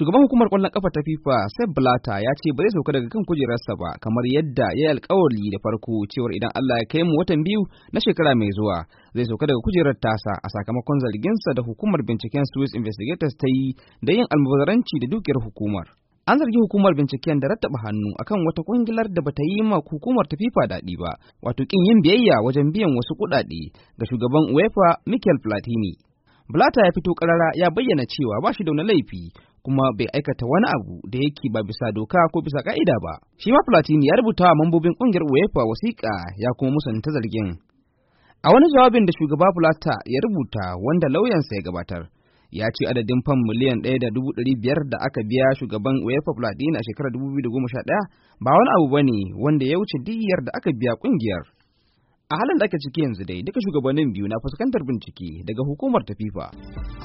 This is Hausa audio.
Shugaban hukumar kwallon kafa ta FIFA, Sepp Blatter ya ce ba zai sauka daga kan kujerarsa ba kamar yadda ya yi alkawari da farko cewar idan Allah ya kai mu watan biyu na shekara mai zuwa zai sauka daga kujerar tasa a sakamakon zarginsa da hukumar binciken Swiss Investigators ta yi da yin almubazaranci da dukiyar hukumar. an zargi hukumar binciken da rattaba hannu akan wata kungilar da bata yi ma hukumar ta FIFA daɗi ba wato kin yin biyayya wajen biyan wasu kuɗaɗe ga shugaban UEFA Mikel Platini. Blata ya fito karara ya bayyana cewa ba shi da wani laifi kuma bai aikata wani abu da yake ba bisa doka ko bisa ka'ida ba. Shi ma Platini ya rubuta wa mambobin ƙungiyar UEFA wasiƙa ya kuma musanta zargin. A wani jawabin da shugaba Plata ya rubuta wanda lauyansa ya gabatar, ya ce adadin fam miliyan ɗaya da dubu ɗari biyar da aka biya shugaban UEFA Platini a shekarar dubu biyu da goma sha ɗaya ba wani abu ba ne wanda ya wuce diyyar da aka biya ƙungiyar. A halin da ake ciki yanzu dai duka shugabannin biyu na fuskantar bincike daga hukumar ta FIFA.